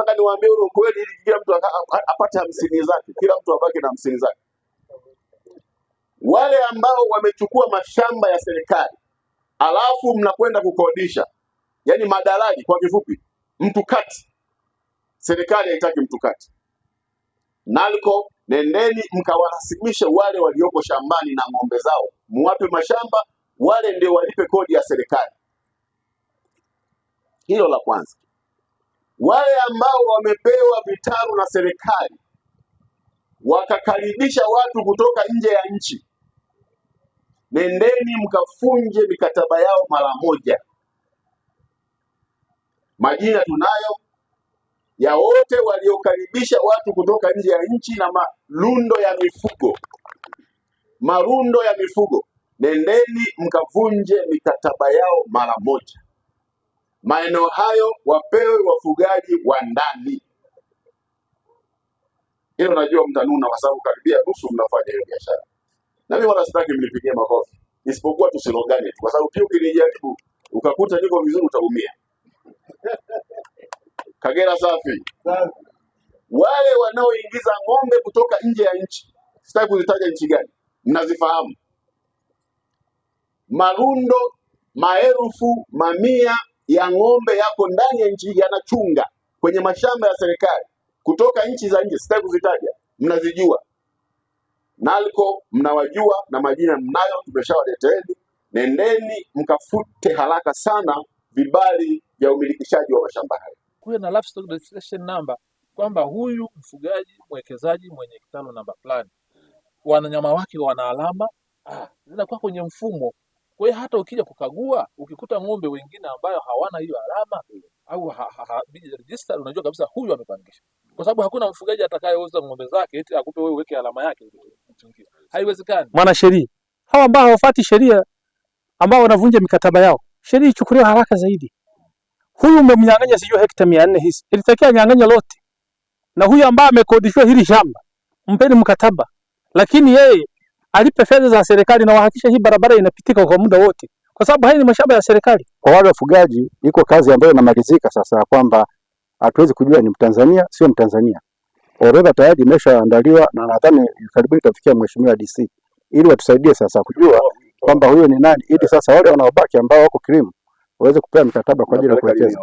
nataka niwaambie ule ukweli, ili kila mtu apate hamsini zake, kila mtu abaki na hamsini zake. Wale ambao wamechukua mashamba ya serikali alafu mnakwenda kukodisha, yani madalali kwa kifupi, mtu kati. Serikali haitaki mtu kati. NALCO, nendeni mkawahasimishe wale walioko shambani na ng'ombe zao, muwape mashamba wale, ndio walipe kodi ya serikali. Hilo la kwanza. Wale ambao wamepewa vitalu na serikali wakakaribisha watu kutoka nje ya nchi, nendeni mkafunje mikataba yao mara moja. Majina tunayo ya wote waliokaribisha watu kutoka nje ya nchi na marundo ya mifugo, marundo ya mifugo, nendeni mkavunje mikataba yao mara moja. Maeneo hayo wapewe wafugaji wa ndani. Hilo najua mtanuna, kwa sababu karibia nusu mnafanya hiyo biashara, na mimi wala sitaki mnipigie makofi, isipokuwa tusilogane tu, kwa sababu pia ukinijaribu ukakuta niko vizuri utaumia. Kagera safi. Wale wanaoingiza ng'ombe kutoka nje ya nchi, sitaki kuzitaja nchi gani, mnazifahamu, marundo, maelfu, mamia ya ng'ombe yako ndani ya nchi yanachunga kwenye mashamba ya serikali kutoka nchi za nje, sitaki kuzitaja, mnazijua NALCO mnawajua na majina mnayo, tumeshawaleteeni. Nendeni mkafute haraka sana vibali vya umilikishaji wa mashamba hayo, kuwe na livestock registration number, kwamba huyu mfugaji mwekezaji mwenye kitalu namba fulani, wanyama wake wana alama ah, zinakuwa kwenye mfumo. Kwa hiyo hata ukija kukagua ukikuta ng'ombe wengine ambayo hawana hiyo alama au ha, ha, ha, register, unajua kabisa huyu amepangisha, kwa sababu hakuna mfugaji atakayeuza ng'ombe zake eti akupe wewe uweke alama yake. Haiwezekani. Mwana sheria hawa ambao hawafuati sheria, ambao wanavunja mikataba yao, sheria ichukuliwe haraka zaidi. Huyu umemnyang'anya sijui hekta mia nne hizi, ilitakiwa nyang'anya lote, na huyu ambaye amekodishwa hili shamba mpeni mkataba, lakini yeye alipe fedha za serikali na wahakisha hii barabara inapitika kwa muda wote, kwa sababu haya ni mashamba ya serikali. Kwa wale wafugaji, iko kazi ambayo inamalizika sasa, ya kwamba hatuwezi kujua ni Mtanzania sio Mtanzania. Orodha tayari imeshaandaliwa na nadhani karibuni itafikia Mheshimiwa DC ili watusaidie sasa kujua kwamba huyo ni nani, ili sasa wale wanaobaki ambao wako Krimu waweze kupewa mikataba kwa ajili ya kuwekeza.